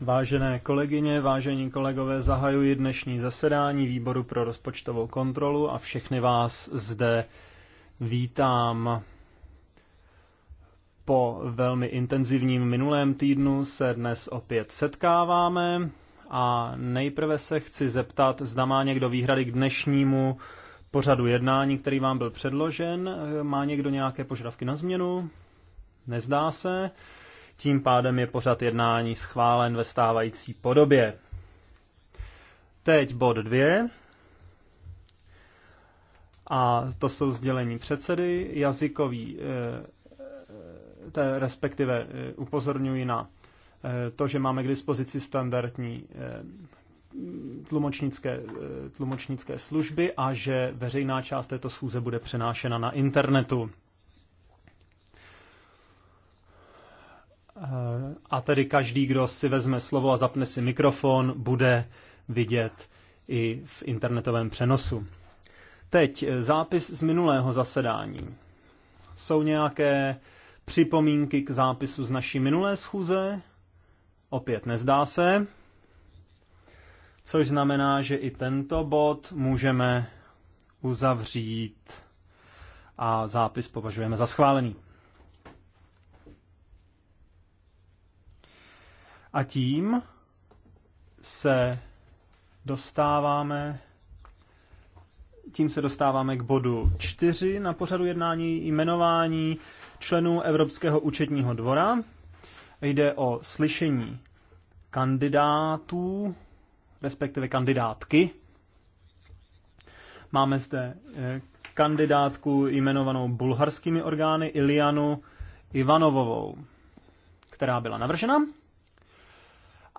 Vážené kolegyně, vážení kolegové, zahajuji dnešní zasedání výboru pro rozpočtovou kontrolu a všechny vás zde vítám. Po velmi intenzivním minulém týdnu se dnes opět setkáváme a nejprve se chci zeptat, zda má někdo výhrady k dnešnímu pořadu jednání, který vám byl předložen. Má někdo nějaké požadavky na změnu? Nezdá se. Tím pádem je pořad jednání schválen ve stávající podobě. Teď bod 2. A to jsou sdělení předsedy, jazykový, eh, eh, respektive eh, upozorňuji na to, že máme k dispozici standardní tlumočnické, tlumočnické služby a že veřejná část této schůze bude přenášena na internetu. Eh, a tedy každý, kdo si vezme slovo a zapne si mikrofon, bude vidět i v internetovém přenosu. Teď eh, zápis z minulého zasedání. Jsou nějaké připomínky k zápisu z naší minulé schůze? Opět nezdá se. Což znamená, že i tento bod můžeme uzavřít a zápis považujeme za schválený. A tím se dostáváme tím se dostáváme k bodu 4 na pořadu jednání jmenování členů Evropského účetního dvora. Jde o slyšení kandidátů, respektive kandidátky. Máme zde eh, kandidátku jmenovanou bulharskými orgány Ilianu Ivanovovou, která byla navržena.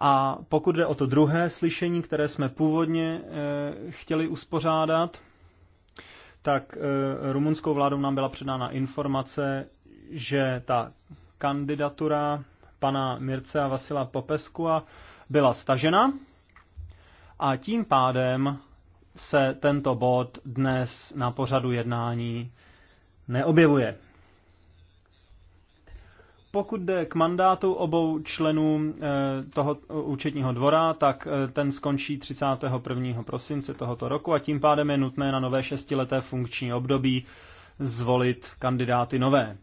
A pokud jde o to druhé slyšení, které jsme původně eh, chtěli uspořádat, tak eh, rumunskou vládou nám byla předána informace, že ta kandidatura pana Mirce a Vasila Popeskua byla stažena a tím pádem se tento bod dnes na pořadu jednání neobjevuje. Pokud jde k mandátu obou členů eh, toho eh, účetního dvora, tak eh, ten skončí 31. prosince tohoto roku a tím pádem je nutné na nové šestileté funkční období zvolit kandidáty nové.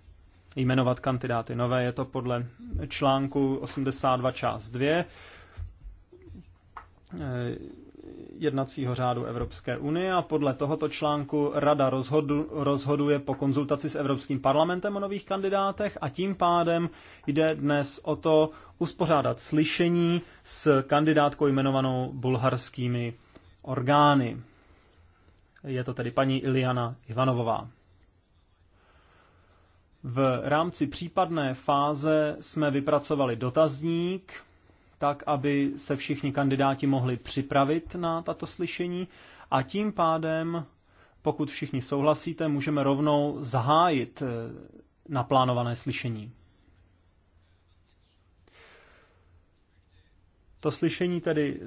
Jmenovat kandidáty nové je to podle článku 82 část 2 jednacího řádu Evropské unie a podle tohoto článku Rada rozhodu, rozhoduje po konzultaci s Evropským parlamentem o nových kandidátech a tím pádem jde dnes o to uspořádat slyšení s kandidátkou jmenovanou bulharskými orgány. Je to tedy paní Iliana Ivanovová. V rámci případné fáze jsme vypracovali dotazník, tak, aby se všichni kandidáti mohli připravit na tato slyšení a tím pádem, pokud všichni souhlasíte, můžeme rovnou zahájit eh, naplánované slyšení. To slyšení tedy eh,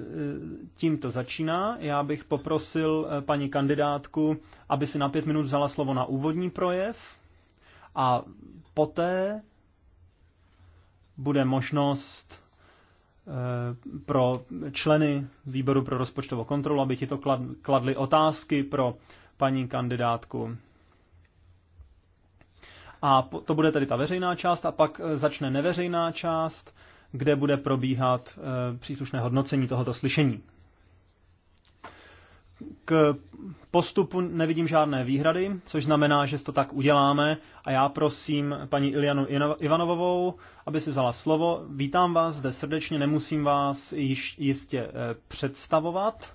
tímto začíná. Já bych poprosil eh, paní kandidátku, aby si na pět minut vzala slovo na úvodní projev a poté bude možnost Eh, pro členy výboru pro rozpočtovou kontrolu, aby ti to kladli otázky pro paní kandidátku. A to bude tedy ta veřejná část a pak eh, začne neveřejná část, kde bude probíhat eh, příslušné hodnocení tohoto slyšení. K postupu nevidím žádné výhrady, což znamená, že to tak uděláme. A já prosím paní Ilianu Ivanovovou, aby si vzala slovo. Vítám vás zde srdečně, nemusím vás již jistě eh, představovat.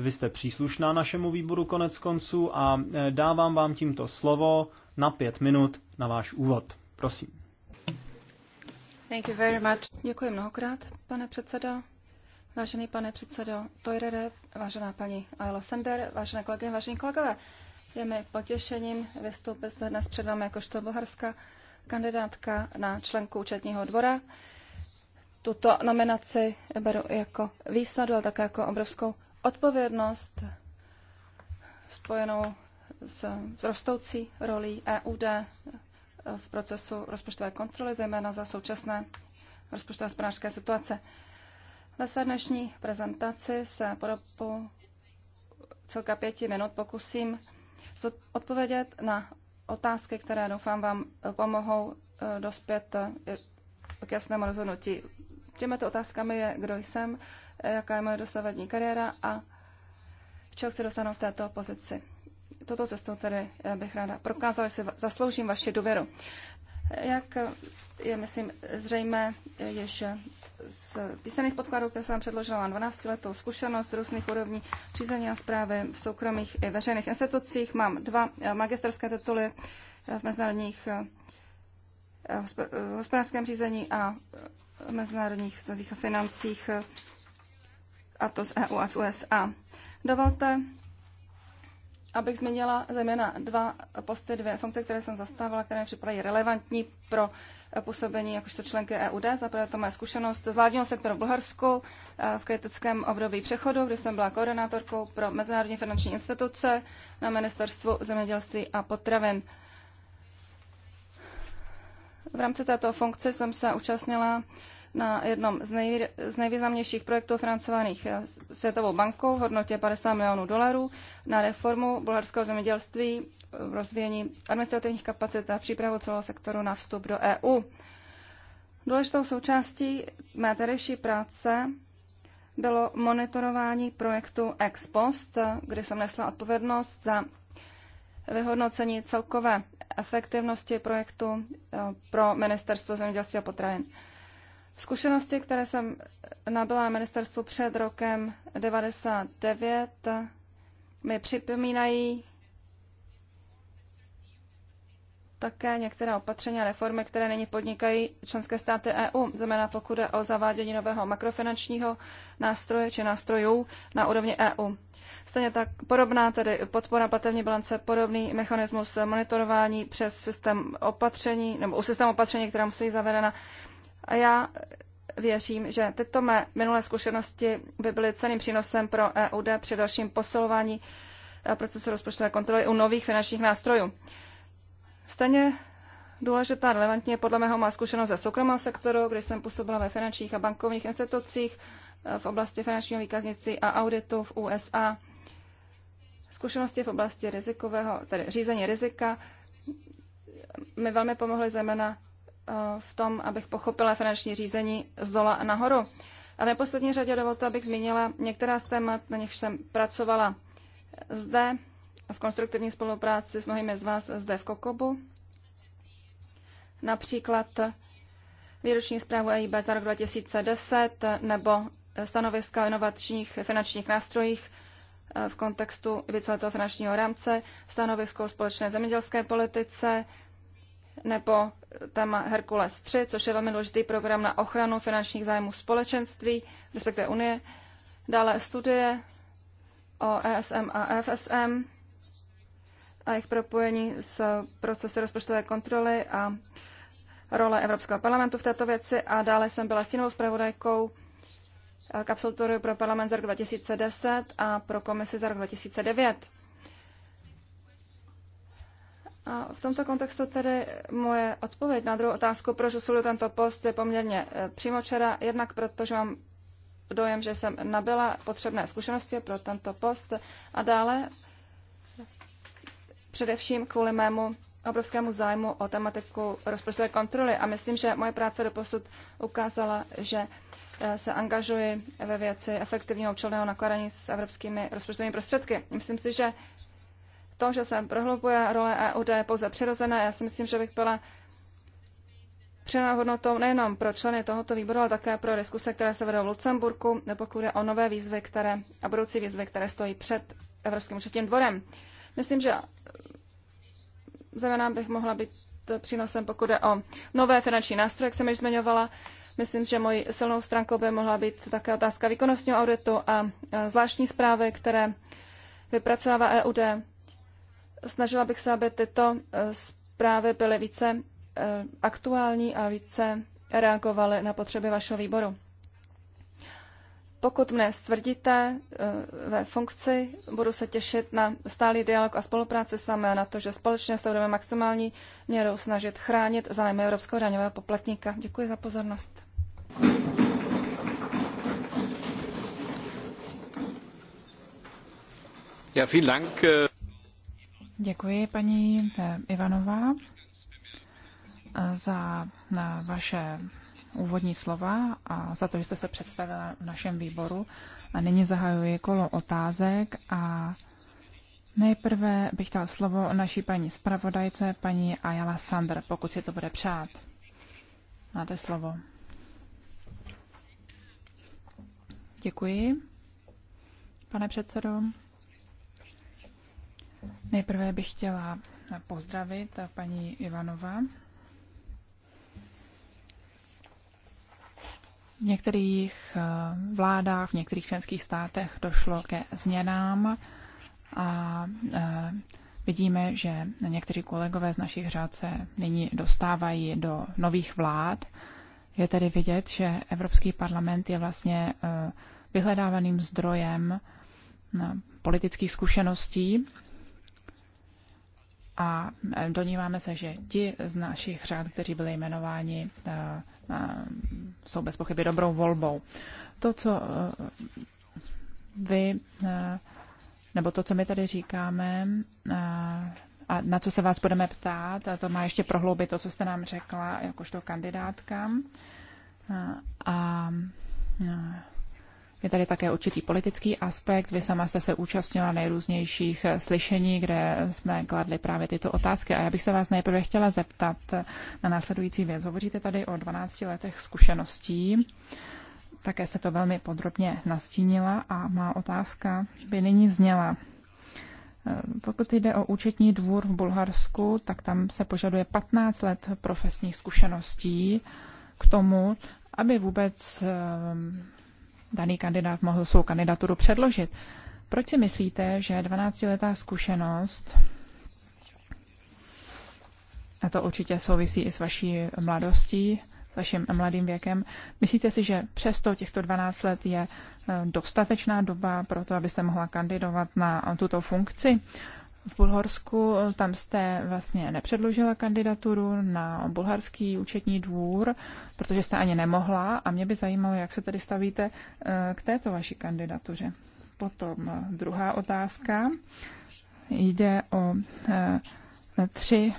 Vy jste příslušná našemu výboru konec konců a eh, dávám vám tímto slovo na pět minut na váš úvod. Prosím. Thank you very much. Děkuji mnohokrát, pane předsedo. Vážený pane předsedo Tojrere, vážená paní Ayla Sender, vážené kolegy, vážení kolegové, je mi potěšením vystoupit zde dnes před vámi jakožto bulharská kandidátka na členku účetního dvora. Tuto nominaci beru jako výsadu, ale také jako obrovskou odpovědnost spojenou s rostoucí rolí EUD v procesu rozpočtové kontroly, zejména za současné rozpočtové hospodářské situace. Ve své dnešní prezentaci se po dobu celka pěti minut pokusím odpovědět na otázky, které doufám vám eh, pomohou eh, dospět eh, k jasnému rozhodnutí. Těmito otázkami je, kdo jsem, jaká je moje dosavadní kariéra a čeho chci dostanout v této pozici. Toto cestou tedy bych ráda prokázala, že si zasloužím vaši důvěru. Jak je, myslím, zřejmé, již z písemných podkladů, které jsem předložila, mám 12 letou zkušenost z různých úrovní řízení a zprávy v soukromých i veřejných institucích. Mám dva eh, magisterské tituly eh, v mezinárodních v eh, hospodářském řízení a mezinárodních vztazích a financích, a to z EU a z USA. Dovolte, abych změnila, zejména dva posty, dvě funkce, které jsem zastávala, které mi připadají relevantní pro působení jakožto členky EUD. Za prvé to má zkušenost z vládního sektoru v Bulharsku eh, v kritickém období přechodu, kdy jsem byla koordinátorkou pro mezinárodní finanční instituce na ministerstvu zemědělství a potravin. V rámci této funkce jsem se účastnila na jednom z, nej, z nejvýznamnějších projektů financovaných eh, Světovou bankou v hodnotě 50 milionů dolarů na reformu bulharského zemědělství, rozvíjení administrativních kapacit a přípravu celého sektoru na vstup do EU. Důležitou součástí mé tehdejší práce bylo monitorování projektu ex post, jsem nesla odpovědnost za vyhodnocení celkové efektivnosti projektu eh, pro Ministerstvo zemědělství a potravin. Zkušenosti, které jsem nabyla na ministerstvu před rokem 99, mi připomínají také některé opatření a reformy, které nyní podnikají členské státy EU, zejména pokud jde o zavádění nového makrofinančního nástroje či nástrojů na úrovni EU. Stejně tak podobná tedy podpora platební bilance, podobný mechanismus monitorování přes systém opatření, nebo u systému opatření, která musí být zavedena a já věřím, že tyto mé minulé zkušenosti by byly ceným přínosem pro EUD při dalším posilování eh, procesu rozpočtové kontroly u nových finančních nástrojů. Stejně důležitá relevantně podle mého má zkušenost ze soukromého sektoru, kde jsem působila ve finančních a bankovních institucích eh, v oblasti finančního výkaznictví a auditu v USA. Zkušenosti v oblasti rizikového, tedy řízení rizika, eh, mi velmi pomohly zejména Eh, v tom, abych pochopila finanční řízení z dola nahoru. A v neposlední řadě dovolte, abych zmínila některá z témat, na nich jsem pracovala zde v konstruktivní spolupráci s mnohými z vás zde v Kokobu. Například výroční zprávu EIB za rok 2010 nebo stanoviska o inovačních finančních nástrojích eh, v kontextu víceletého finančního rámce, stanovisko o společné zemědělské politice nebo tam Herkules 3, což je velmi důležitý program na ochranu finančních zájmů společenství, respektive Unie. Dále studie o ESM a FSM a jejich propojení s procesy rozpočtové kontroly a role Evropského parlamentu v této věci. A dále jsem byla stínovou zpravodajkou k pro parlament za rok 2010 a pro komisi za rok 2009. A v tomto kontextu tedy moje odpověď na druhou otázku, proč usiluji tento post, je poměrně eh, přímočera, jednak protože mám dojem, že jsem nabyla potřebné zkušenosti pro tento post a dále především kvůli mému obrovskému zájmu o tematiku rozpočtové kontroly a myslím, že moje práce do posud ukázala, že eh, se angažuji ve věci efektivního účelného nakladání s evropskými rozpočtovými prostředky. Myslím si, že to, že se prohlubuje role EUD, pouze přirozené. Já si myslím, že bych byla přidanou hodnotou nejenom pro členy tohoto výboru, ale také pro diskuse, které se vedou v Lucemburku, pokud je o nové výzvy které, a budoucí výzvy, které stojí před Evropským účetním dvorem. Myslím, že zejména bych mohla být přínosem, pokud je o nové finanční nástroje, jak jsem již zmiňovala. Myslím, že mojí silnou stránkou by mohla být také otázka výkonnostního auditu a zvláštní zprávy, které vypracovává EUD Snažila bych se, aby tyto eh, zprávy byly více eh, aktuální a více reagovaly na potřeby vašeho výboru. Pokud mne stvrdíte eh, ve funkci, budu se těšit na stálý dialog a spolupráci s vámi a na to, že společně se budeme maximální měrou snažit chránit zájmy Evropského daňového poplatníka. Děkuji za pozornost. Ja, vielen Dank. Äh, Děkuji, paní eh, Ivanová, eh, za eh, vaše úvodní slova a za to, že jste se představila v našem výboru. A nyní zahajuji kolo otázek a nejprve bych dal slovo naší paní zpravodajce, paní Ayala Sandr, pokud si to bude přát. Máte slovo. Děkuji, pane předsedo. Nejprve bych chtěla pozdravit paní Ivanova. V některých eh, vládách, v některých členských státech došlo ke změnám a eh, vidíme, že někteří kolegové z našich řád se nyní dostávají do nových vlád. Je tedy vidět, že Evropský parlament je vlastně eh, vyhledávaným zdrojem politických zkušeností a domníváme se, že ti z našich řád, kteří byli jmenováni, eh, eh, jsou bez pochyby dobrou volbou. To, co eh, vy, nebo to, co my tady říkáme, a na co se vás budeme ptát, a to má ještě prohloubit to, co jste nám řekla, jakožto kandidátka. A, a je tady také určitý politický aspekt. Vy sama jste se účastnila nejrůznějších eh, slyšení, kde jsme kladli právě tyto otázky. A já bych se vás nejprve chtěla zeptat na následující věc. Hovoříte tady o 12 letech zkušeností. Také se to velmi podrobně nastínila a má otázka by nyní zněla. Eh, pokud jde o účetní dvůr v Bulharsku, tak tam se požaduje 15 let profesních zkušeností k tomu, aby vůbec eh, daný kandidát mohl svou kandidaturu předložit. Proč si myslíte, že 12-letá zkušenost, a to určitě souvisí i s vaší mladostí, s vaším mladým věkem, myslíte si, že přesto těchto 12 let je eh, dostatečná doba pro to, abyste mohla kandidovat na tuto funkci? v Bulharsku eh, tam jste vlastně nepředložila kandidaturu na bulharský účetní dvůr, protože jste ani nemohla a mě by zajímalo, jak se tedy stavíte eh, k této vaší kandidatuře. Potom eh, druhá otázka. Jde o tři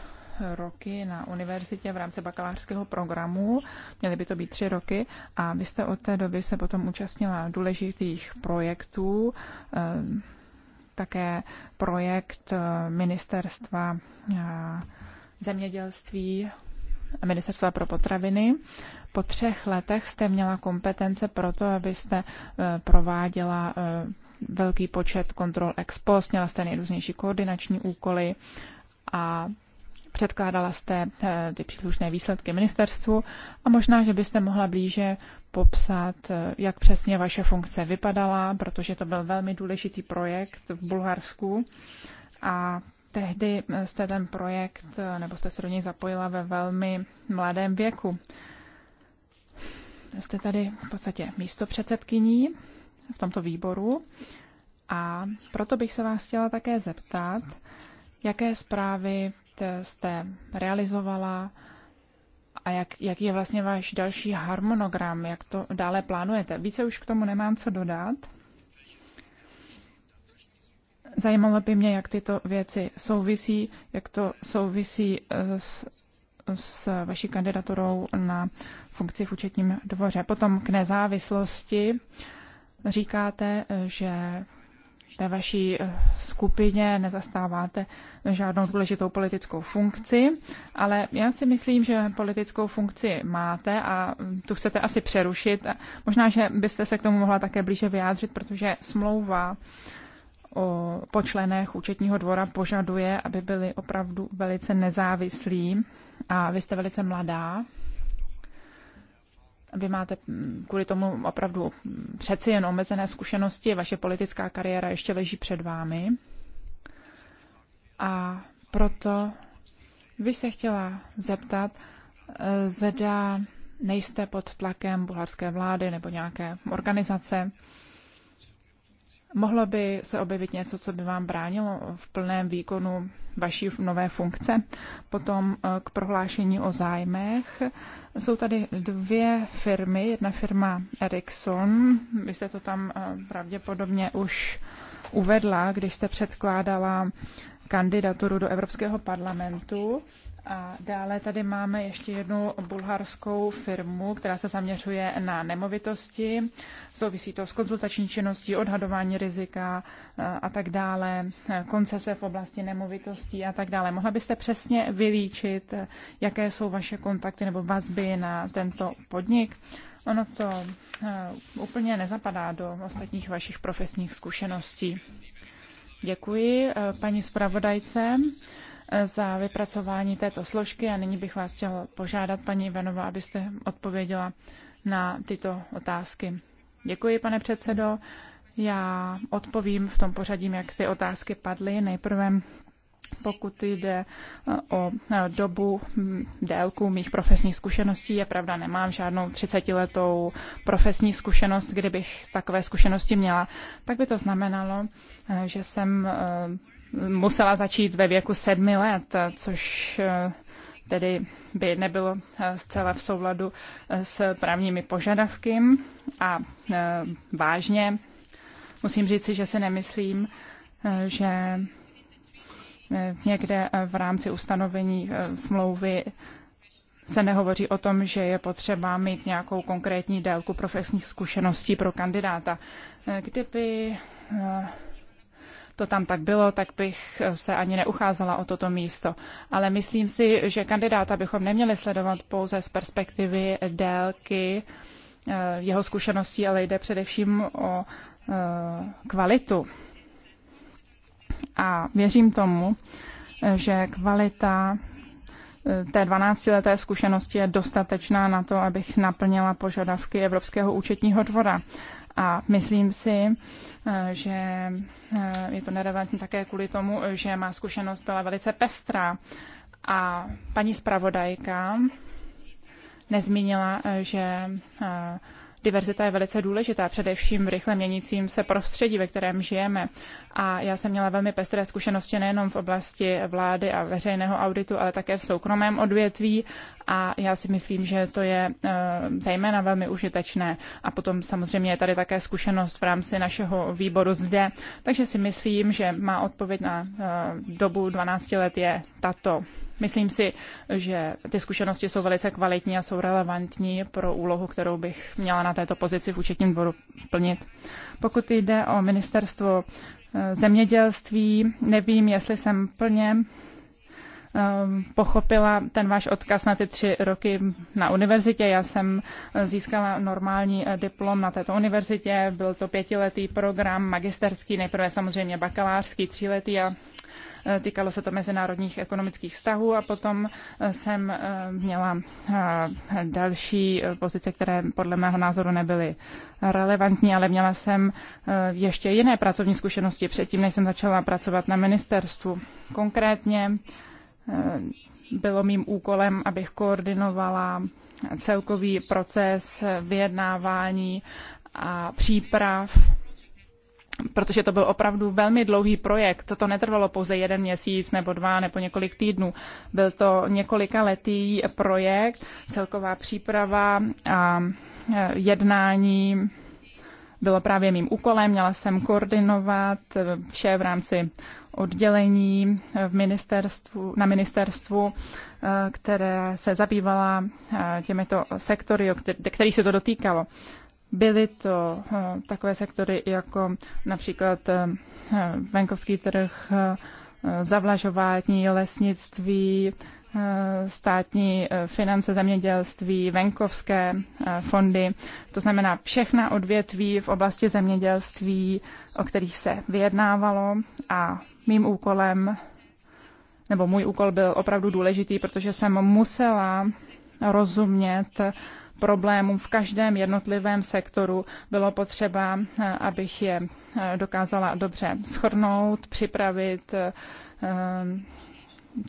roky na univerzitě v rámci bakalářského programu, měly by to být tři roky, a vy jste od té doby se potom účastnila důležitých projektů, také projekt eh, ministerstva eh, zemědělství a ministerstva pro potraviny. Po třech letech jste měla kompetence pro to, abyste eh, prováděla velký počet kontrol ex post, měla jste nejrůznější koordinační úkoly a předkládala jste eh, ty příslušné výsledky ministerstvu a možná, že byste mohla blíže popsat, eh, jak přesně vaše funkce vypadala, protože to byl velmi důležitý projekt v Bulharsku a tehdy eh, jste ten projekt, nebo jste se do něj zapojila ve velmi mladém věku. Jste tady v podstatě místo předsedkyní v tomto výboru a proto bych se vás chtěla také zeptat, jaké zprávy Eh, jste realizovala a jak, jaký je vlastně váš další harmonogram, jak to dále plánujete. Více už k tomu nemám co dodat. Zajímalo by mě, jak tyto věci souvisí, jak to souvisí eh, s, s vaší kandidaturou na funkci v účetním dvoře. Potom k nezávislosti říkáte, eh, že ve vaší eh, skupině nezastáváte žádnou důležitou politickou funkci, ale já si myslím, že politickou funkci máte a hm, tu chcete asi přerušit. Možná, že byste se k tomu mohla také blíže vyjádřit, protože smlouva o, počlenech účetního dvora požaduje, aby byli opravdu velice nezávislí a vy jste velice mladá vy máte mm, kvůli tomu opravdu přeci jen omezené zkušenosti, vaše politická kariéra ještě leží před vámi. A proto bych se chtěla zeptat, eh, zda nejste pod tlakem bulharské vlády nebo nějaké organizace, Mohlo by se objevit něco, co by vám bránilo v plném výkonu vaší nové funkce? Potom eh, k prohlášení o zájmech. Jsou tady dvě firmy. Jedna firma Ericsson. Vy jste to tam eh, pravděpodobně už uvedla, když jste předkládala kandidaturu do Evropského parlamentu. A dále tady máme ještě jednu bulharskou firmu, která se zaměřuje na nemovitosti. Souvisí to s konzultační činností, odhadování rizika e, a tak dále, e, koncese v oblasti nemovitostí a tak dále. Mohla byste přesně vylíčit, e, jaké jsou vaše kontakty nebo vazby na tento podnik? Ono to úplně nezapadá do ostatních vašich profesních zkušeností. Děkuji paní zpravodajce za vypracování této složky a nyní bych vás chtěl požádat, paní Ivanova, abyste odpověděla na tyto otázky. Děkuji, pane předsedo. Já odpovím v tom pořadí, jak ty otázky padly. Nejprve pokud jde eh, o eh, dobu, hm, délku mých profesních zkušeností, je pravda, nemám žádnou 30-letou profesní zkušenost. Kdybych takové zkušenosti měla, tak by to znamenalo, eh, že jsem musela začít ve věku sedmi let, což eh, tedy by nebylo eh, zcela v souladu eh, s právními požadavky. A vážně musím říci, že si nemyslím, že někde v rámci ustanovení smlouvy se nehovoří o tom, že je potřeba mít nějakou konkrétní délku profesních zkušeností pro kandidáta. Kdyby to tam tak bylo, tak bych eh, se ani neucházela o toto místo. Ale myslím si, že kandidáta bychom neměli sledovat pouze z perspektivy délky eh, jeho zkušeností, ale jde především o eh, kvalitu. A věřím tomu, že kvalita té 12-leté zkušenosti je dostatečná na to, abych naplnila požadavky Evropského účetního dvora. A myslím si, eh, že eh, je to nerevantní také kvůli tomu, že má zkušenost byla velice pestrá. A paní zpravodajka nezmínila, eh, že Diverzita je velice důležitá, především v rychle měnícím se prostředí, ve kterém žijeme. A já jsem měla velmi pestré zkušenosti nejenom v oblasti vlády a veřejného auditu, ale také v soukromém odvětví. A já si myslím, že to je eh, zejména velmi užitečné. A potom samozřejmě je tady také zkušenost v rámci našeho výboru zde. Takže si myslím, že má odpověď na eh, dobu 12 let je tato. Myslím si, že ty zkušenosti jsou velice kvalitní a jsou relevantní pro úlohu, kterou bych měla na této pozici v účetním dvoru plnit. Pokud jde o ministerstvo eh, zemědělství, nevím, jestli jsem plně ehm, pochopila ten váš odkaz na ty tři roky na univerzitě. Já jsem eh, získala normální eh, diplom na této univerzitě, byl to pětiletý program, magisterský, nejprve samozřejmě bakalářský, tříletý a Eh, týkalo se to mezinárodních ekonomických vztahů a potom eh, jsem eh, měla další pozice, které podle mého názoru nebyly relevantní, ale měla jsem ještě jiné pracovní zkušenosti předtím, než jsem začala pracovat na ministerstvu. Konkrétně bylo mým úkolem, abych koordinovala celkový proces vyjednávání a příprav protože to byl opravdu velmi dlouhý projekt. To netrvalo pouze jeden měsíc nebo dva nebo několik týdnů. Byl to několika letý projekt, celková příprava a e, jednání bylo právě mým úkolem. Měla jsem koordinovat e, vše v rámci oddělení e, v ministerstvu, na ministerstvu, které se zabývala těmito sektory, který se to dotýkalo. Byly to eh, takové sektory jako například eh, venkovský trh, eh, zavlažování, lesnictví, státní finance zemědělství, venkovské fondy, to znamená všechna odvětví v oblasti zemědělství, o kterých se vyjednávalo a mým úkolem, nebo můj úkol byl opravdu důležitý, protože jsem musela rozumět problémům v každém jednotlivém sektoru bylo potřeba, abych je eh, dokázala dobře schrnout, připravit eh,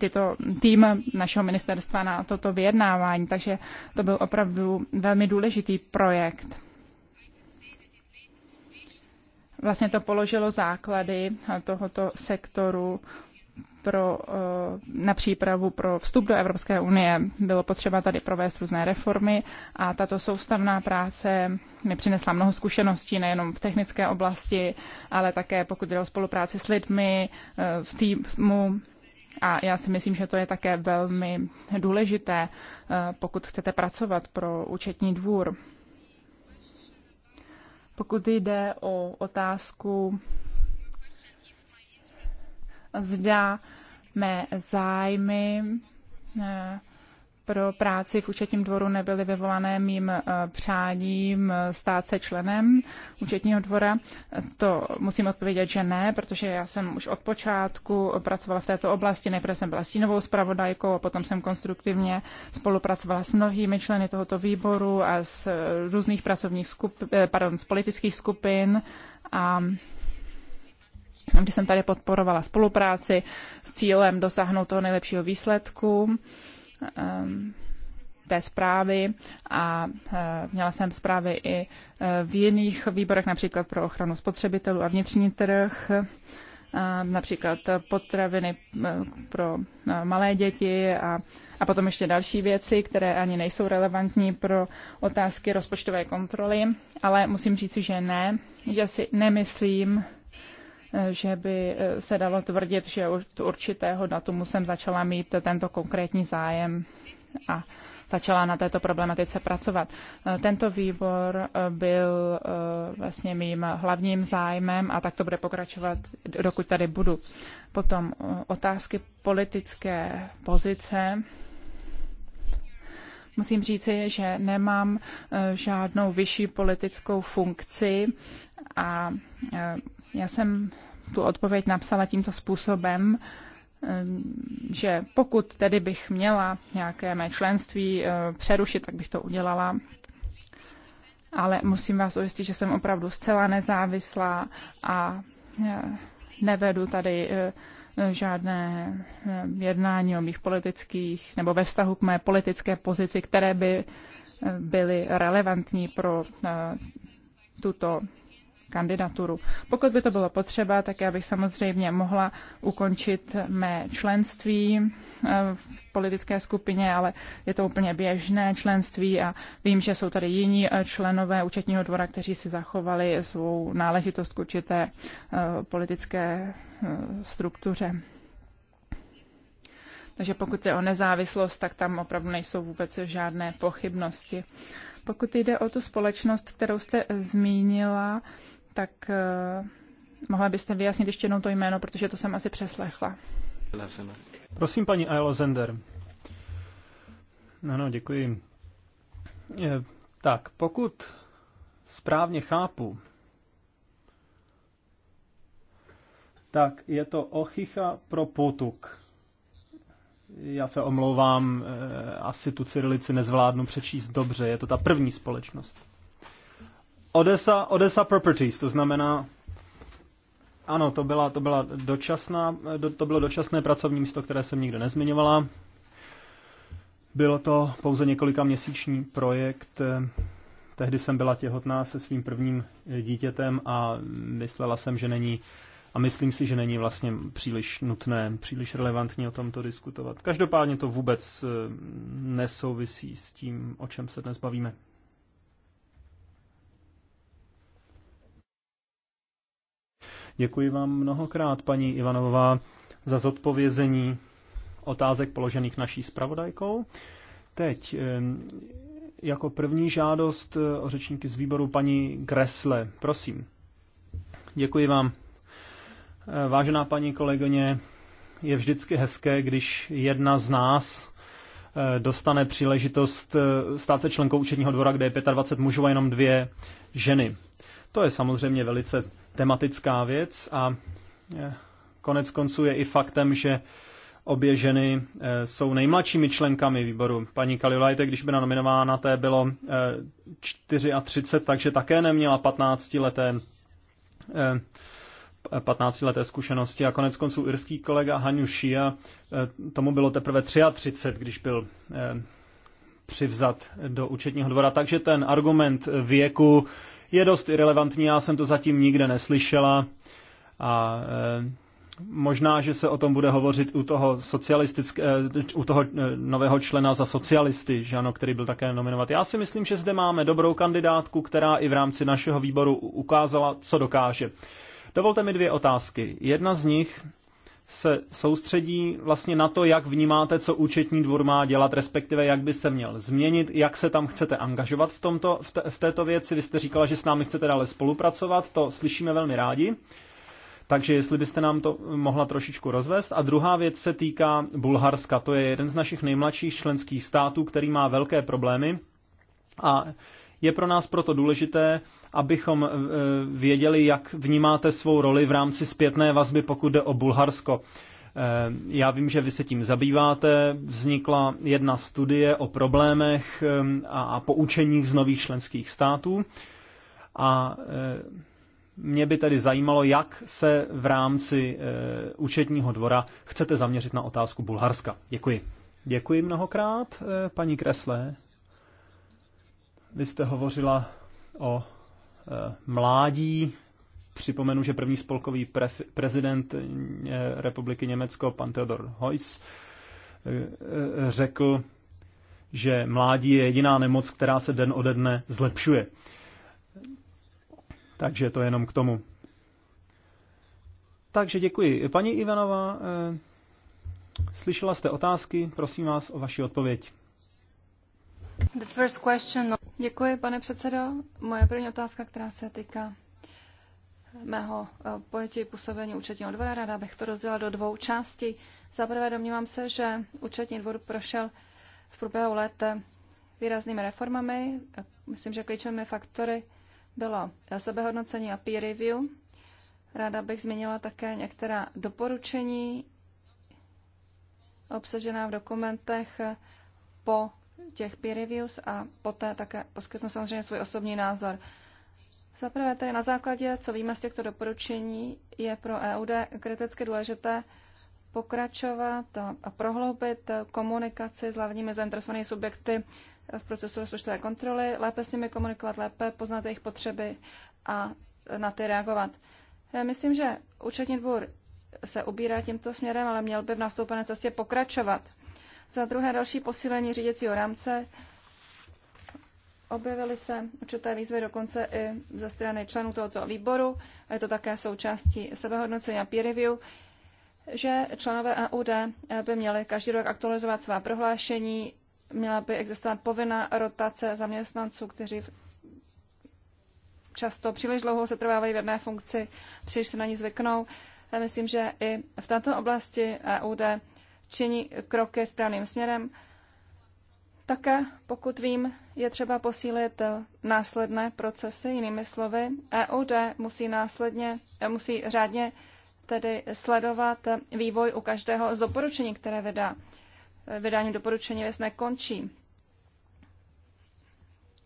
tyto, tým našeho ministerstva na toto vyjednávání. Takže to byl opravdu velmi důležitý projekt. Vlastně to položilo základy tohoto sektoru pro, eh, na přípravu pro vstup do Evropské unie. Bylo potřeba tady provést různé reformy a tato soustavná práce mi přinesla mnoho zkušeností nejenom v technické oblasti, ale také pokud jde o spolupráci s lidmi, eh, v týmu. A já si myslím, že to je také velmi důležité, eh, pokud chcete pracovat pro účetní dvůr. Pokud jde o otázku zda mé zájmy eh, pro práci v účetním dvoru nebyly vyvolané mým eh, přáním eh, stát se členem účetního dvora? To musím odpovědět, že ne, protože já jsem už od počátku pracovala v této oblasti. Nejprve jsem byla stínovou zpravodajkou a potom jsem konstruktivně spolupracovala s mnohými členy tohoto výboru a z různých pracovních skupin, pardon, z politických skupin a kdy jsem tady podporovala spolupráci s cílem dosáhnout toho nejlepšího výsledku ehm, té zprávy a eh, měla jsem zprávy i eh, v jiných výborech, například pro ochranu spotřebitelů a vnitřní trh, například potraviny eh, pro malé děti a, a potom ještě další věci, které ani nejsou relevantní pro otázky rozpočtové kontroly, ale musím říct, že ne, že si nemyslím, že by eh, se dalo tvrdit, že od určitého datumu jsem začala mít tento konkrétní zájem a začala na této problematice pracovat. Eh, tento výbor eh, byl vlastně mým hlavním zájmem a tak to bude pokračovat, dokud tady budu. Potom otázky politické pozice. Musím říci, že nemám žádnou vyšší politickou funkci a já jsem tu odpověď napsala tímto způsobem, eh, že pokud tedy bych měla nějaké mé členství eh, přerušit, tak bych to udělala. Ale musím vás ujistit, že jsem opravdu zcela nezávislá a eh, nevedu tady žádné jednání o mých politických nebo ve vztahu k mé politické pozici, které by byly relevantní pro tuto kandidaturu. Pokud by to bylo potřeba, tak já bych samozřejmě mohla ukončit mé členství eh, v politické skupině, ale je to úplně běžné členství a vím, že jsou tady jiní eh, členové účetního dvora, kteří si zachovali svou náležitost k určité eh, politické struktuře. Takže pokud je o nezávislost, tak tam opravdu nejsou vůbec žádné pochybnosti. Pokud jde o tu společnost, kterou jste zmínila, tak eh, mohla byste vyjasnit ještě jednou to jméno, protože to jsem asi přeslechla. Prosím, paní Ayla Zender. Ano, děkuji. Eh, tak, pokud správně chápu, tak je to ochicha pro potuk. Já se omlouvám, eh, asi tu cyrilici nezvládnu přečíst dobře, je to ta první společnost. Odessa, Odessa Properties, to znamená, ano, to, byla, to, byla dočasná, do, to bylo dočasné pracovní místo, které jsem nikde nezmiňovala. Bylo to pouze několika měsíční projekt. Tehdy jsem byla těhotná se svým prvním dítětem a myslela jsem, že není a myslím si, že není vlastně příliš nutné, příliš relevantní o tomto diskutovat. Každopádně to vůbec eh, nesouvisí s tím, o čem se dnes bavíme. Děkuji vám mnohokrát, paní Ivanová, za zodpovězení otázek položených naší zpravodajkou. Teď jako první žádost eh, o řečníky z výboru paní Gresle. Prosím. Děkuji vám. Eh, vážená paní kolegyně, je vždycky hezké, když jedna z nás eh, dostane příležitost stát se členkou účetního dvora, kde je 25 mužů a jenom dvě ženy. To je samozřejmě velice tematická věc a e, konec konců je i faktem, že obě ženy e, jsou nejmladšími členkami výboru. Paní Kalilajte, když byla nominována, té bylo 34, e, takže také neměla 15 leté 15 leté zkušenosti a konec konců irský kolega Hanuši, Shia, tomu bylo teprve 33, když byl přivzat do účetního dvora. Takže ten argument věku je dost irrelevantní, já jsem to zatím nikde neslyšela a eh, možná, že se o tom bude hovořit u toho, socialistické, eh, u toho eh, nového člena za socialisty, že ano, který byl také nominovat. Já si myslím, že zde máme dobrou kandidátku, která i v rámci našeho výboru ukázala, co dokáže. Dovolte mi dvě otázky. Jedna z nich se soustředí vlastně na to, jak vnímáte, co účetní dvůr má dělat, respektive jak by se měl změnit, jak se tam chcete angažovat v, tomto, v, te, v této věci. Vy jste říkala, že s námi chcete dále spolupracovat, to slyšíme velmi rádi. Takže jestli byste nám to mohla trošičku rozvést. A druhá věc se týká Bulharska. To je jeden z našich nejmladších členských států, který má velké problémy. A je pro nás proto důležité, abychom eh, věděli, jak vnímáte svou roli v rámci zpětné vazby, pokud jde o Bulharsko. Eh, já vím, že vy se tím zabýváte. Vznikla jedna studie o problémech eh, a poučeních z nových členských států. A mě by tedy zajímalo, jak se v rámci účetního dvora chcete zaměřit na otázku Bulharska. Děkuji. Děkuji mnohokrát, paní Kresle. Vy jste hovořila o eh, mládí. Připomenu, že první spolkový prezident eh, republiky Německo, pan Theodor Heuss, eh, řekl, že mládí je jediná nemoc, která se den ode dne zlepšuje. Takže to jenom k tomu. Takže děkuji. Paní Ivanová, slyšela jste otázky, prosím vás o vaši odpověď. The first question... Děkuji, pane předsedo. Moje první otázka, která se týká mého eh, pojetí působení účetního dvora, ráda bych to rozdělila do dvou částí. Za prvé domnívám se, že účetní dvor prošel v průběhu let výraznými reformami. Myslím, že klíčovými faktory bylo sebehodnocení a peer review. Ráda bych zmínila také některá doporučení obsažená v dokumentech po těch peer reviews a poté také poskytnu samozřejmě svůj osobní názor. Za prvé tedy na základě, co víme z těchto doporučení, je pro EUD kriticky důležité pokračovat a prohloubit komunikaci s hlavními zainteresovanými subjekty v procesu rozpočtové kontroly, lépe s nimi komunikovat, lépe poznat jejich potřeby a na ty reagovat. Já myslím, že účetní dvůr se ubírá tímto směrem, ale měl by v nastoupené cestě pokračovat. Za druhé další posílení řídicího rámce. Objevily se určité výzvy dokonce i ze strany členů tohoto výboru, a je to také součástí sebehodnocení a peer review, že členové AUD by měli každý rok aktualizovat svá prohlášení, měla by existovat povinná rotace zaměstnanců, kteří často příliš dlouho se trvávají v jedné funkci, příliš se na ní zvyknou. Já myslím, že i v této oblasti AUD činí kroky správným směrem. Také, pokud vím, je třeba posílit eh, následné procesy, jinými slovy. EUD musí následně, eh, musí řádně tedy sledovat eh, vývoj u každého z doporučení, které vydá. Vydání doporučení věc nekončí.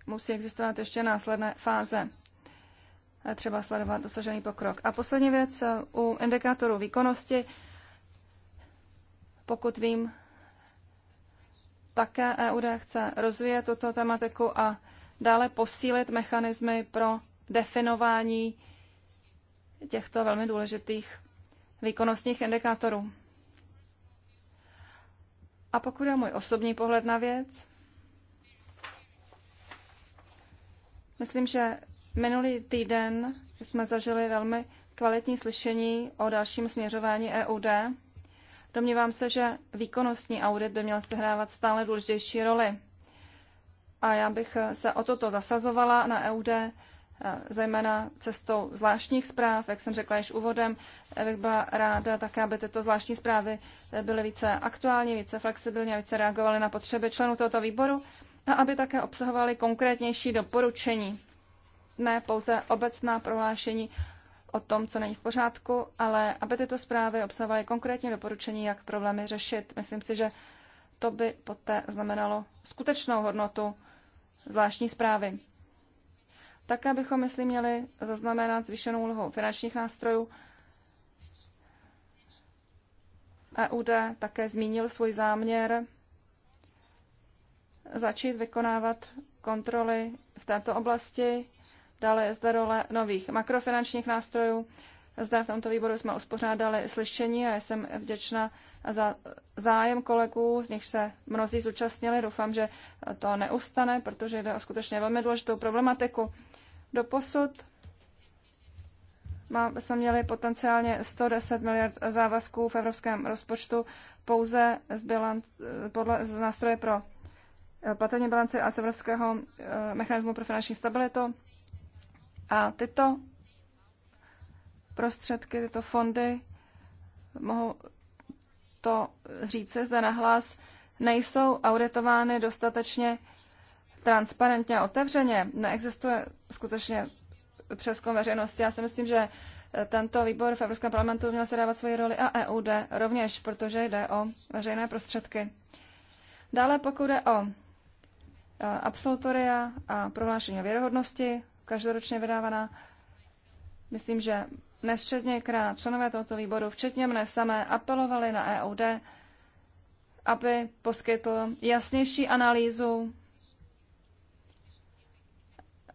Musí existovat ještě následné fáze. Třeba sledovat dosažený pokrok. A poslední věc u indikátoru výkonnosti. Pokud vím, také EUD chce rozvíjet tuto tematiku a dále posílit mechanismy pro definování těchto velmi důležitých výkonnostních indikátorů. A pokud je můj osobní pohled na věc, myslím, že minulý týden jsme zažili velmi kvalitní slyšení o dalším směřování EUD Domnívám se, že výkonnostní audit by měl sehrávat stále důležitější roli. A já bych se o toto zasazovala na EUD, eh, zejména cestou zvláštních zpráv, jak jsem řekla již úvodem, bych byla ráda také, aby tyto zvláštní zprávy eh, byly více aktuální, více flexibilní a více reagovaly na potřeby členů tohoto výboru a aby také obsahovaly konkrétnější doporučení, ne pouze obecná prohlášení o tom, co není v pořádku, ale aby tyto zprávy obsahovaly konkrétní doporučení, jak problémy řešit. Myslím si, že to by poté znamenalo skutečnou hodnotu zvláštní zprávy. Také bychom, myslím, měli zaznamenat zvýšenou úlohu finančních nástrojů. EUD také zmínil svůj záměr začít vykonávat kontroly v této oblasti Dále je zde role nových makrofinančních nástrojů. Zde v tomto výboru jsme uspořádali slyšení a jsem vděčná za zájem kolegů, z nich se mnozí zúčastnili. Doufám, že to neustane, protože jde o skutečně velmi důležitou problematiku. Doposud má, jsme měli potenciálně 110 miliard závazků v evropském rozpočtu pouze z, bilanc, podle, z nástroje pro platební bilanci a z Evropského eh, mechanismu pro finanční stabilitu. A tyto prostředky, tyto fondy, mohu to říct zde nahlas, nejsou auditovány dostatečně transparentně a otevřeně. Neexistuje skutečně přeskum veřejnosti. Já si myslím, že tento výbor v Evropském parlamentu měl se dávat svoji roli a EUD rovněž, protože jde o veřejné prostředky. Dále pokud jde o e, absolutoria a prohlášení věrohodnosti, každoročně vydávaná. Myslím, že nesčetněkrát členové tohoto výboru, včetně mne samé, apelovali na EOD, aby poskytl jasnější analýzu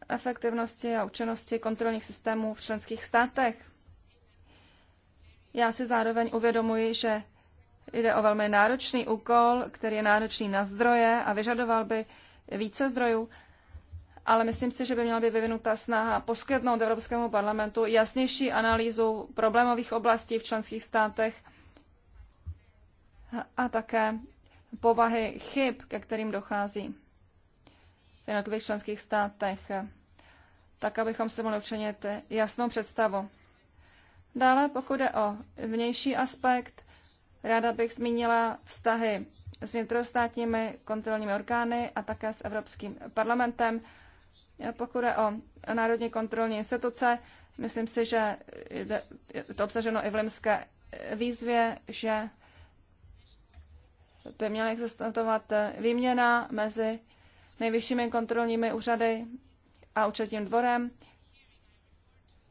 efektivnosti a účinnosti kontrolních systémů v členských státech. Já si zároveň uvědomuji, že jde o velmi náročný úkol, který je náročný na zdroje a vyžadoval by více zdrojů, ale myslím si, že by měla být vyvinuta snaha poskytnout Evropskému parlamentu jasnější analýzu problémových oblastí v členských státech a také povahy chyb, ke kterým dochází v jednotlivých členských státech, tak abychom si mohli učinit jasnou představu. Dále, pokud je o vnější aspekt, ráda bych zmínila vztahy s vnitrostátními kontrolními orgány a také s Evropským parlamentem. Pokud je o Národní kontrolní instituce, myslím si, že je to obsaženo i v limské výzvě, že by měla existovat výměna mezi nejvyššími kontrolními úřady a účetním dvorem.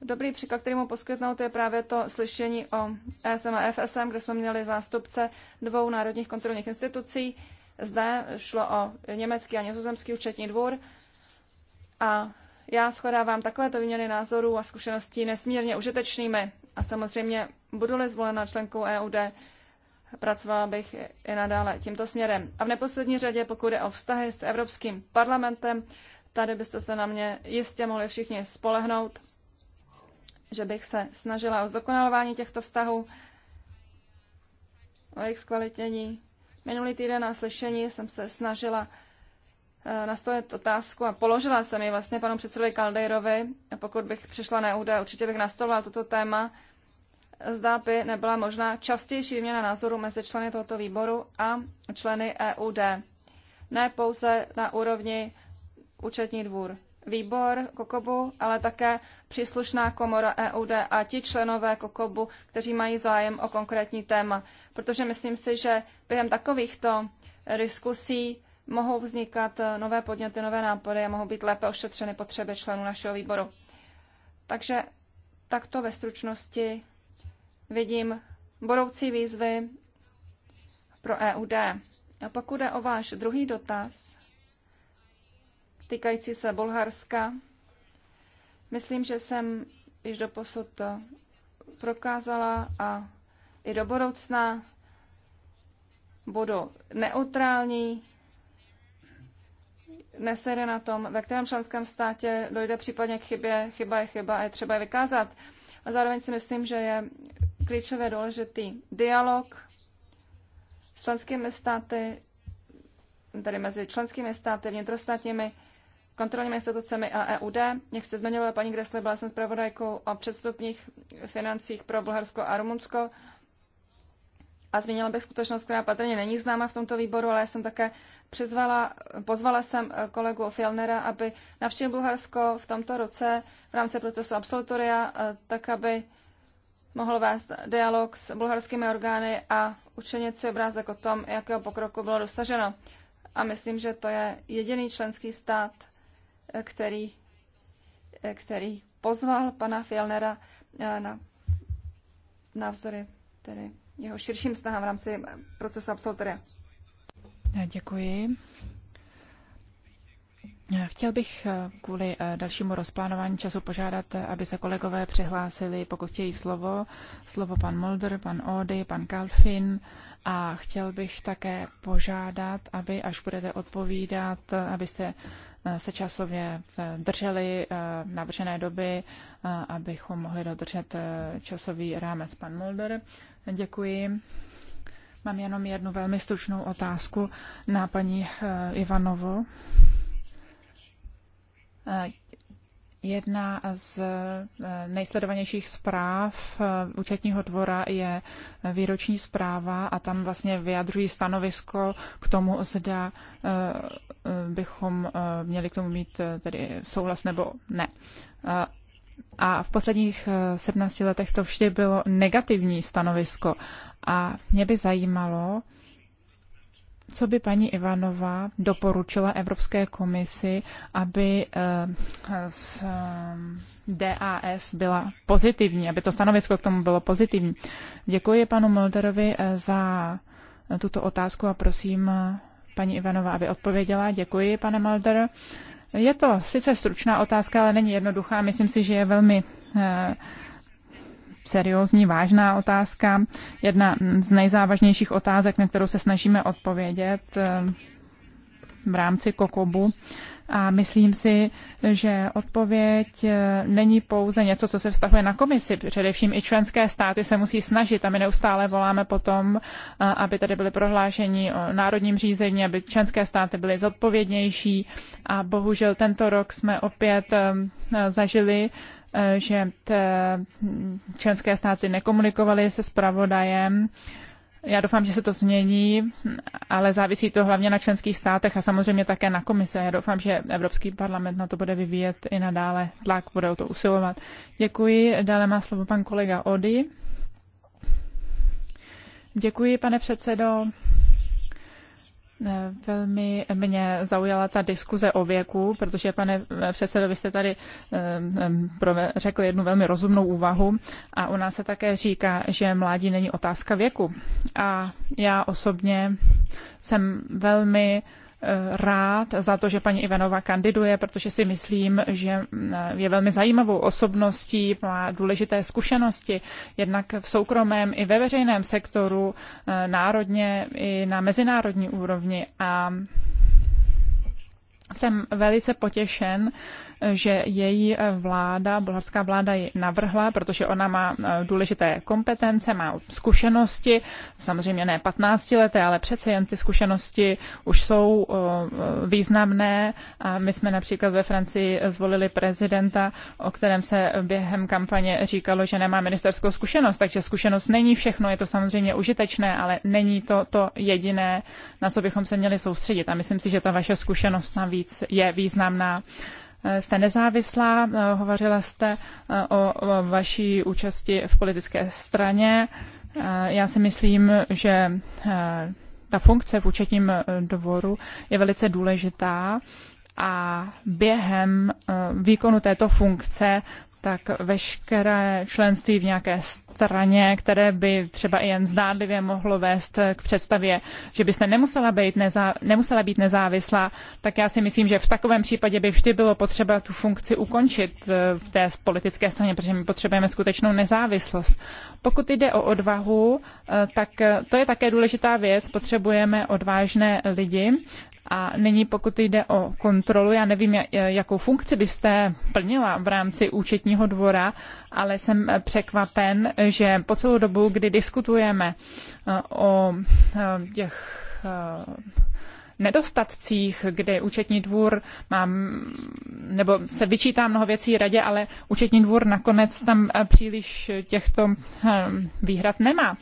Dobrý příklad, který mu poskytnout, je právě to slyšení o ESM a FSM, kde jsme měli zástupce dvou národních kontrolních institucí. Zde šlo o německý a nizozemský účetní dvůr a já shledávám takovéto výměny názorů a zkušeností nesmírně užitečnými. A samozřejmě budu-li zvolena členkou EUD, pracovala bych i nadále tímto směrem. A v neposlední řadě, pokud je o vztahy s Evropským parlamentem, tady byste se na mě jistě mohli všichni spolehnout, že bych se snažila o zdokonalování těchto vztahů, o jejich zkvalitění. Minulý týden na slyšení jsem se snažila Eh, nastavit otázku a položila jsem ji vlastně panu předsedovi Kaldejrovi, pokud bych přišla na UD, určitě bych nastolila toto téma, zda by nebyla možná častější výměna názoru mezi členy tohoto výboru a členy EUD. Ne pouze na úrovni účetní dvůr výbor Kokobu, ale také příslušná komora EUD a ti členové Kokobu, kteří mají zájem o konkrétní téma. Protože myslím si, že během takovýchto diskusí mohou vznikat eh, nové podněty, nové nápady a mohou být lépe ošetřeny potřeby členů našeho výboru. Takže takto ve stručnosti vidím budoucí výzvy pro EUD. A pokud jde o váš druhý dotaz, týkající se Bulharska, myslím, že jsem již doposud eh, prokázala a i do budoucna budu neutrální nesere na tom, ve kterém členském státě dojde případně k chybě, chyba je chyba a je třeba je vykázat. A zároveň si myslím, že je klíčově důležitý dialog s členskými státy, tedy mezi členskými státy, vnitrostátními kontrolními institucemi a EUD. Jak jste zmiňovala, paní Gresle, byla jsem zpravodajkou o předstupních financích pro Bulharsko a Rumunsko a zmínila bych skutečnost, která patrně není známa v tomto výboru, ale já jsem také přizvala, pozvala jsem eh, kolegu Fjellnera, aby navštívil Bulharsko v tomto roce v rámci procesu absolutoria, eh, tak aby mohl vést dialog s bulharskými orgány a učinit si obrázek o tom, jakého pokroku bylo dosaženo. A myslím, že to je jediný členský stát, eh, který, který pozval pana Fjellnera na, navzdory tedy jeho širším snahám v rámci procesu absolutoria. Děkuji. Chtěl bych eh, kvůli eh, dalšímu rozplánování času požádat, eh, aby se kolegové přihlásili, pokud chtějí slovo, slovo pan Mulder, pan Ody, pan Kalfin a chtěl bych také požádat, aby až budete odpovídat, abyste se časově drželi navržené doby, abychom mohli dodržet časový rámec pan Mulder. Děkuji. Mám jenom jednu velmi stručnou otázku na paní eh, Ivanovo. Eh, jedna z eh, nejsledovanějších zpráv účetního dvora je výroční zpráva a tam vlastně vyjadřují stanovisko k tomu, zda bychom měli k tomu mít tedy souhlas nebo ne a v posledních 17 eh, letech to vždy bylo negativní stanovisko. A mě by zajímalo, co by paní Ivanová doporučila Evropské komisi, aby z eh, eh, DAS byla pozitivní, aby to stanovisko k tomu bylo pozitivní. Děkuji panu Mulderovi za tuto otázku a prosím paní Ivanova, aby odpověděla. Děkuji, pane Mulder. Je to sice stručná otázka, ale není jednoduchá. Myslím si, že je velmi eh, seriózní, vážná otázka. Jedna z nejzávažnějších otázek, na kterou se snažíme odpovědět eh, v rámci Kokobu. A myslím si, že odpověď eh, není pouze něco, co se vztahuje na komisi. Především i členské státy se musí snažit a my neustále voláme potom, eh, aby tady byly prohlášení o národním řízení, aby členské státy byly zodpovědnější. A bohužel tento rok jsme opět eh, zažili že členské státy nekomunikovaly se spravodajem já doufám, že se to změní, ale závisí to hlavně na členských státech a samozřejmě také na komise. Já doufám, že Evropský parlament na to bude vyvíjet i nadále tlak, bude o to usilovat. Děkuji. Dále má slovo pan kolega Ody. Děkuji, pane předsedo. Eh, velmi mě zaujala ta diskuze o věku, protože, pane eh, předsedo, vy jste tady eh, řekl jednu velmi rozumnou úvahu a u nás se také říká, že mládí není otázka věku. A já osobně jsem velmi rád za to, že paní Ivanova kandiduje, protože si myslím, že eh, je velmi zajímavou osobností, má důležité zkušenosti, jednak v soukromém i ve veřejném sektoru, eh, národně i na mezinárodní úrovni. A jsem velice potěšen, že její eh, vláda, bulharská vláda ji navrhla, protože ona má eh, důležité kompetence, má zkušenosti, samozřejmě ne 15 leté, ale přece jen ty zkušenosti už jsou eh, významné. A my jsme například ve Francii zvolili prezidenta, o kterém se během kampaně říkalo, že nemá ministerskou zkušenost, takže zkušenost není všechno, je to samozřejmě užitečné, ale není to to jediné, na co bychom se měli soustředit. A myslím si, že ta vaše zkušenost navíc je významná. Eh, jste nezávislá, eh, hovořila jste eh, o, vaší účasti v politické straně. Já si myslím, že ta funkce v účetním dvoru je velice důležitá a během výkonu této funkce tak veškeré členství v nějaké straně, které by třeba i jen zdádlivě mohlo vést k představě, že byste nemusela být, nezá, nemusela být nezávislá, tak já si myslím, že v takovém případě by vždy bylo potřeba tu funkci ukončit eh, v té politické straně, protože my potřebujeme skutečnou nezávislost. Pokud jde o odvahu, eh, tak eh, to je také důležitá věc. Potřebujeme odvážné lidi, a nyní, pokud jde o kontrolu, já nevím, jakou funkci byste plnila v rámci účetního dvora, ale jsem překvapen, že po celou dobu, kdy diskutujeme eh, o eh, těch eh, nedostatcích, kdy účetní dvůr má, nebo se vyčítá mnoho věcí radě, ale účetní dvůr nakonec tam příliš těchto výhrad nemá.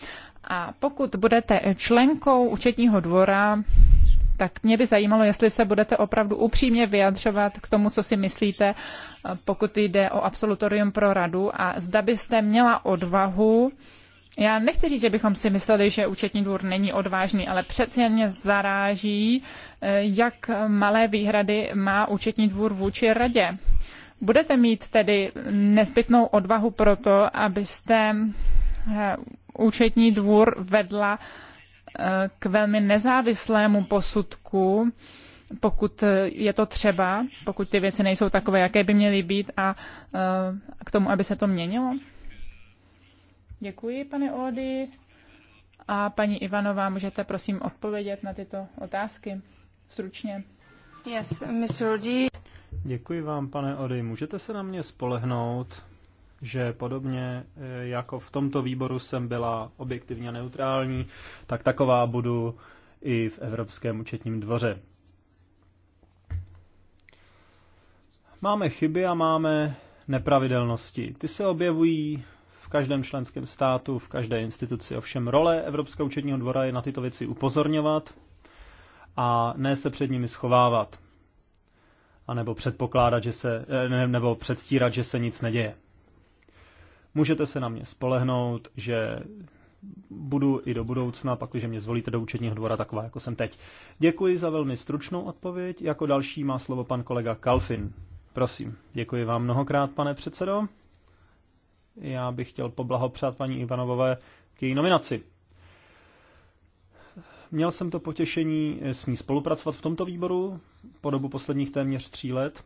A pokud budete členkou účetního dvora, tak mě by zajímalo, jestli se budete opravdu upřímně vyjadřovat k tomu, co si myslíte, pokud jde o absolutorium pro radu a zda byste měla odvahu já nechci říct, že bychom si mysleli, že účetní dvůr není odvážný, ale přeci jen mě zaráží, jak malé výhrady má účetní dvůr vůči radě. Budete mít tedy nezbytnou odvahu pro to, abyste eh, účetní dvůr vedla k velmi nezávislému posudku, pokud je to třeba, pokud ty věci nejsou takové, jaké by měly být a eh, k tomu, aby se to měnilo? Děkuji, pane Ody. A paní Ivanová, můžete prosím odpovědět na tyto otázky stručně. Yes, Miss Odi. Děkuji vám, pane Ody. Můžete se na mě spolehnout, že podobně eh, jako v tomto výboru jsem byla objektivně neutrální, tak taková budu i v Evropském účetním dvoře. Máme chyby a máme nepravidelnosti. Ty se objevují v každém členském státu, v každé instituci. Ovšem role Evropského účetního dvora je na tyto věci upozorňovat a ne se před nimi schovávat. A nebo předpokládat, že se, eh, nebo předstírat, že se nic neděje. Můžete se na mě spolehnout, že budu i do budoucna, pakliže mě zvolíte do účetního dvora taková, jako jsem teď. Děkuji za velmi stručnou odpověď. Jako další má slovo pan kolega Kalfin. Prosím. Děkuji vám mnohokrát, pane předsedo. Já bych chtěl poblahopřát paní Ivanovové k její nominaci. Měl jsem to potěšení s ní spolupracovat v tomto výboru po dobu posledních téměř tří let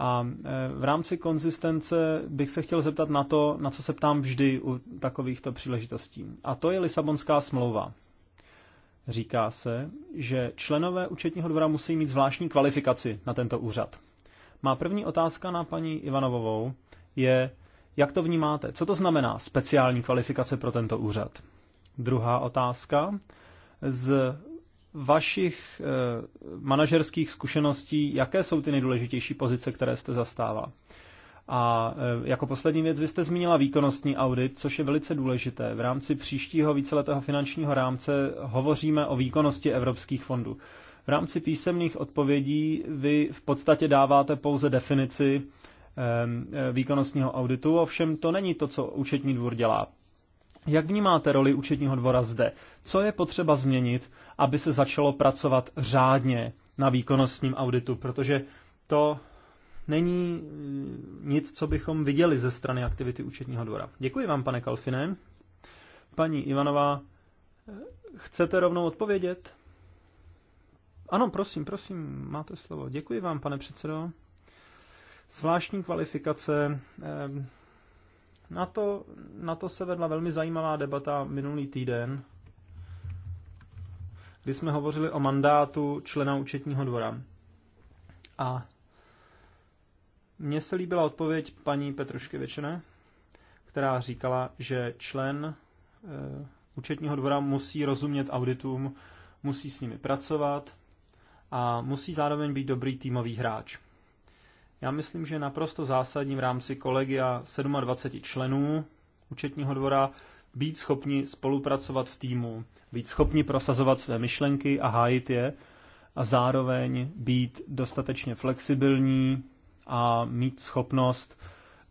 a e, v rámci konzistence bych se chtěl zeptat na to, na co se ptám vždy u takovýchto příležitostí. A to je Lisabonská smlouva. Říká se, že členové účetního dvora musí mít zvláštní kvalifikaci na tento úřad. Má první otázka na paní Ivanovovou je, jak to vnímáte? Co to znamená speciální kvalifikace pro tento úřad? Druhá otázka. Z vašich eh, manažerských zkušeností, jaké jsou ty nejdůležitější pozice, které jste zastával. A eh, jako poslední věc, vy jste zmínila výkonnostní audit, což je velice důležité. V rámci příštího víceletého finančního rámce hovoříme o výkonnosti evropských fondů. V rámci písemných odpovědí vy v podstatě dáváte pouze definici ehm, eh, výkonnostního auditu, ovšem to není to, co účetní dvůr dělá. Jak vnímáte roli účetního dvora zde? Co je potřeba změnit, aby se začalo pracovat řádně na výkonnostním auditu, protože to není mm, nic, co bychom viděli ze strany aktivity účetního dvora. Děkuji vám, pane Kalfine. Paní Ivanová, eh, chcete rovnou odpovědět? Ano, prosím, prosím, máte slovo. Děkuji vám, pane předsedo. Zvláštní kvalifikace. Ehm, na to, na to se vedla velmi zajímavá debata minulý týden kdy jsme hovořili o mandátu člena účetního dvora. A mně se líbila odpověď paní Petrušky Večené, která říkala, že člen e, účetního dvora musí rozumět auditům, musí s nimi pracovat a musí zároveň být dobrý týmový hráč. Já myslím, že naprosto zásadní v rámci kolegia 27 členů účetního dvora být schopni spolupracovat v týmu, být schopni prosazovat své myšlenky a hájit je a zároveň být dostatečně flexibilní a mít schopnost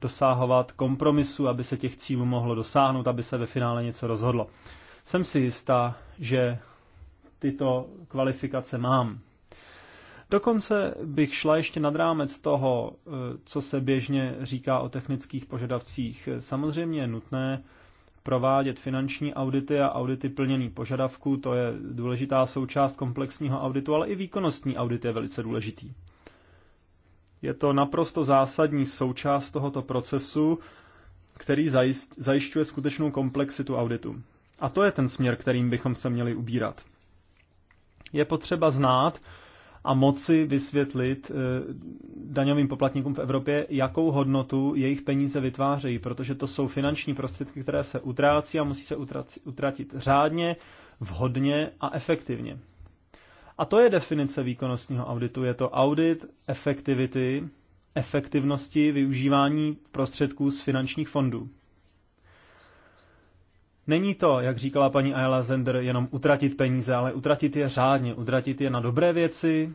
dosáhovat kompromisu, aby se těch cílů mohlo dosáhnout, aby se ve finále něco rozhodlo. Jsem si jistá, že tyto kvalifikace mám. Dokonce bych šla ještě nad rámec toho, eh, co se běžně říká o technických požadavcích. Samozřejmě je nutné provádět finanční audity a audity plnění požadavků, to je důležitá součást komplexního auditu, ale i výkonnostní audit je velice důležitý. Je to naprosto zásadní součást tohoto procesu, který zajišťuje skutečnou komplexitu auditu. A to je ten směr, kterým bychom se měli ubírat. Je potřeba znát, a moci vysvětlit eh, daňovým poplatníkům v Evropě, jakou hodnotu jejich peníze vytvářejí, protože to jsou finanční prostředky, které se utrácí a musí se utratit řádně, vhodně a efektivně. A to je definice výkonnostního auditu. Je to audit efektivity, efektivnosti využívání prostředků z finančních fondů. Není to, jak říkala paní Ayla Zender, jenom utratit peníze, ale utratit je řádně, utratit je na dobré věci,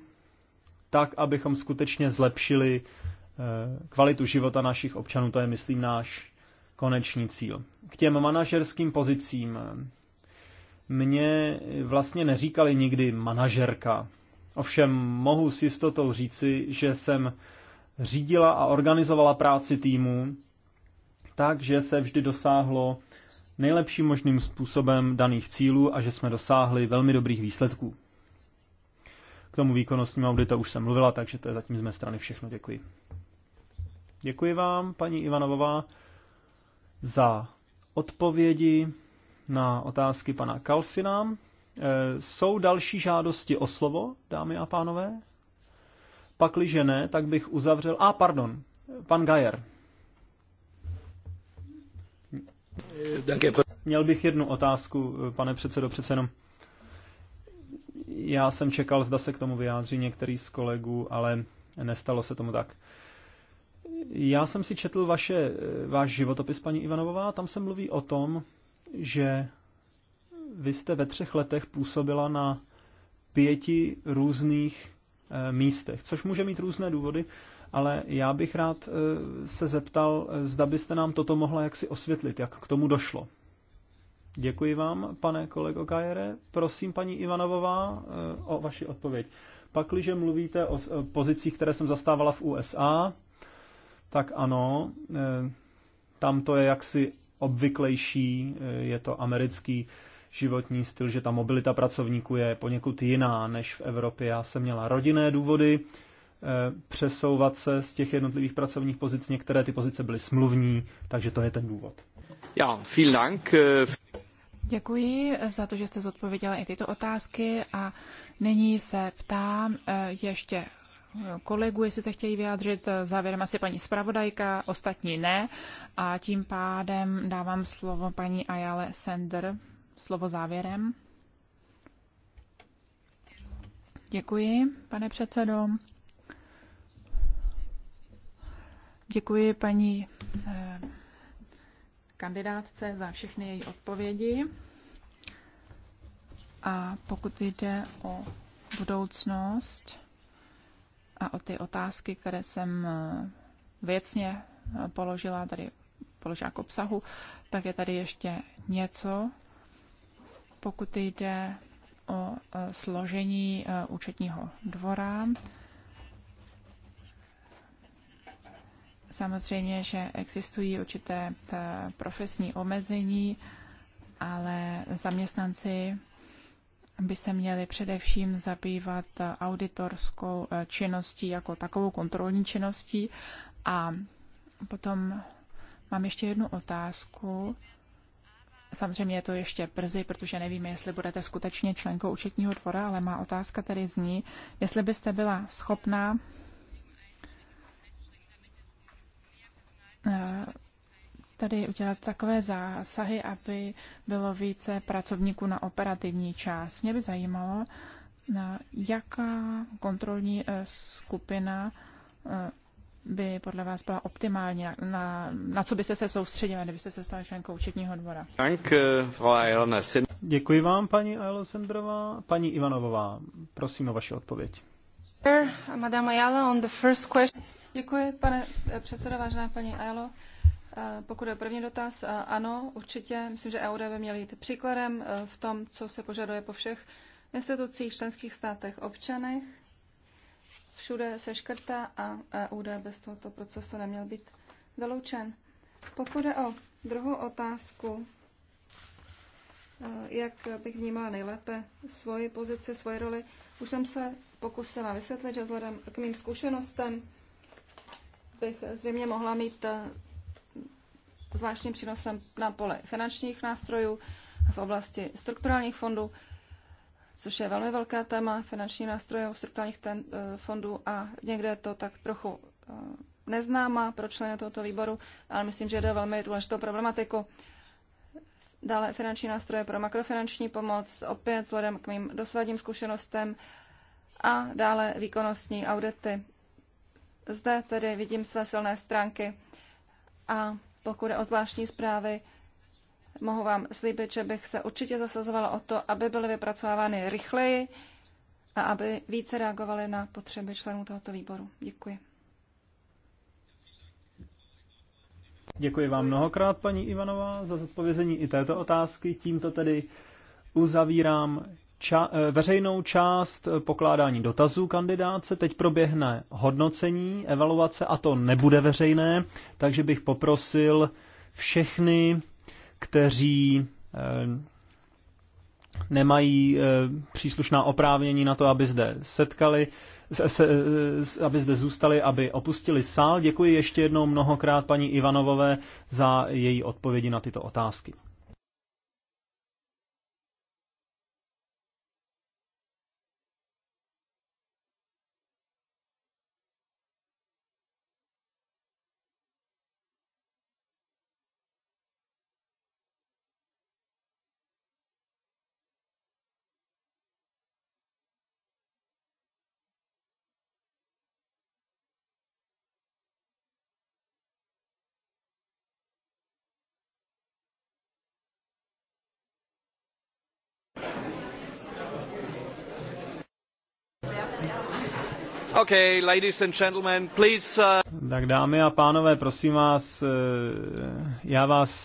tak, abychom skutečně zlepšili eh, kvalitu života našich občanů. To je, myslím, náš konečný cíl. K těm manažerským pozicím. Mně vlastně neříkali nikdy manažerka. Ovšem mohu s jistotou říci, že jsem řídila a organizovala práci týmu, takže se vždy dosáhlo nejlepším možným způsobem daných cílů a že jsme dosáhli velmi dobrých výsledků. K tomu výkonnostnímu auditu už jsem mluvila, takže to je zatím z mé strany všechno. Děkuji. Děkuji vám, paní Ivanovová, za odpovědi na otázky pana Kalfina. E, jsou další žádosti o slovo, dámy a pánové? Pakliže ne, tak bych uzavřel... A, ah, pardon, pan Gajer. Měl bych jednu otázku, pane předsedo, přece jenom. Já jsem čekal, zda se k tomu vyjádří některý z kolegů, ale nestalo se tomu tak. Já jsem si četl vaše, váš životopis, paní Ivanovová, tam se mluví o tom, že vy jste ve třech letech působila na pěti různých eh, místech, což může mít různé důvody ale já bych rád eh, se zeptal, eh, zda byste nám toto mohla jaksi osvětlit, jak k tomu došlo. Děkuji vám, pane kolego Kajere. Prosím, paní Ivanovová, eh, o vaši odpověď. Pakliže mluvíte o pozicích, které jsem zastávala v USA, tak ano, tam to je jaksi obvyklejší, je to americký životní styl, že ta mobilita pracovníků je poněkud jiná než v Evropě. Já jsem měla rodinné důvody, Eh, přesouvat se z těch jednotlivých pracovních pozic. Některé ty pozice byly smluvní, takže to je ten důvod. Ja, vielen Dank. Eh, Děkuji za to, že jste zodpověděla i tyto otázky a nyní se ptám eh, ještě kolegu, jestli se chtějí vyjádřit. Závěrem asi paní zpravodajka, ostatní ne. A tím pádem dávám slovo paní Ayale Sender. Slovo závěrem. Děkuji, pane předsedo. Děkuji paní eh, kandidátce za všechny její odpovědi. A pokud jde o budoucnost a o ty otázky, které jsem eh, věcně eh, položila, tady položila k obsahu, tak je tady ještě něco. Pokud jde o složení účetního dvora, Samozřejmě, že existují určité eh, profesní omezení, ale zaměstnanci by se měli především zabývat eh, auditorskou eh, činností jako takovou kontrolní činností. A potom mám ještě jednu otázku. Samozřejmě je to ještě brzy, protože nevíme, jestli budete skutečně členkou účetního dvora, ale má otázka tedy zní, jestli byste byla schopná Eh, tady udělat takové zásahy, aby bylo více pracovníků na operativní část. Mě by zajímalo, jaká kontrolní eh, skupina eh, by podle vás byla optimální, na, na, na co byste se soustředili, kdybyste se stali členkou účetního dvora? Děkuji vám, paní Ayala Sendrová. Paní Ivanovová, prosím o vaši odpověď. Děkuji, pane eh, předsedo, vážená paní Ajalo. Eh, pokud je první dotaz, eh, ano, určitě. Myslím, že EUD by měl jít příkladem v tom, co se požaduje po všech institucích, členských státech, občanech. Všude se škrtá a EUD bez tohoto procesu neměl být vyloučen. Pokud je o druhou otázku, jak bych vnímala nejlépe svoji pozici, svoji roli, už jsem se pokusila vysvětlit, že vzhledem k mým zkušenostem bych zřejmě mohla mít eh, zvláštním přínosem na pole finančních nástrojů v oblasti strukturálních fondů, což je velmi velká téma finanční nástroje strukturálních ten, eh, fondů a někde je to tak trochu eh, neznáma pro členy tohoto výboru, ale myslím, že jde o velmi důležitou problematiku. Dále finanční nástroje pro makrofinanční pomoc, opět vzhledem k mým dosvadním zkušenostem a dále výkonnostní audity zde tedy vidím své silné stránky a pokud je o zvláštní zprávy, mohu vám slíbit, že bych se určitě zasazovala o to, aby byly vypracovávány rychleji a aby více reagovaly na potřeby členů tohoto výboru. Děkuji. Děkuji vám mnohokrát, paní Ivanová, za zodpovězení i této otázky. Tímto tedy uzavírám ča- eh, veřejnou část eh, pokládání dotazů kandidáce Teď proběhne hodnocení, evaluace a to nebude veřejné, takže bych poprosil všechny, kteří eh, nemají příslušná oprávnění na to, aby zde setkali, aby zde zůstali, aby opustili sál. Děkuji ještě jednou mnohokrát paní Ivanovové za její odpovědi na tyto otázky. Okay, ladies and gentlemen, please, uh... Tak dámy a pánové, prosím vás, eh, já vás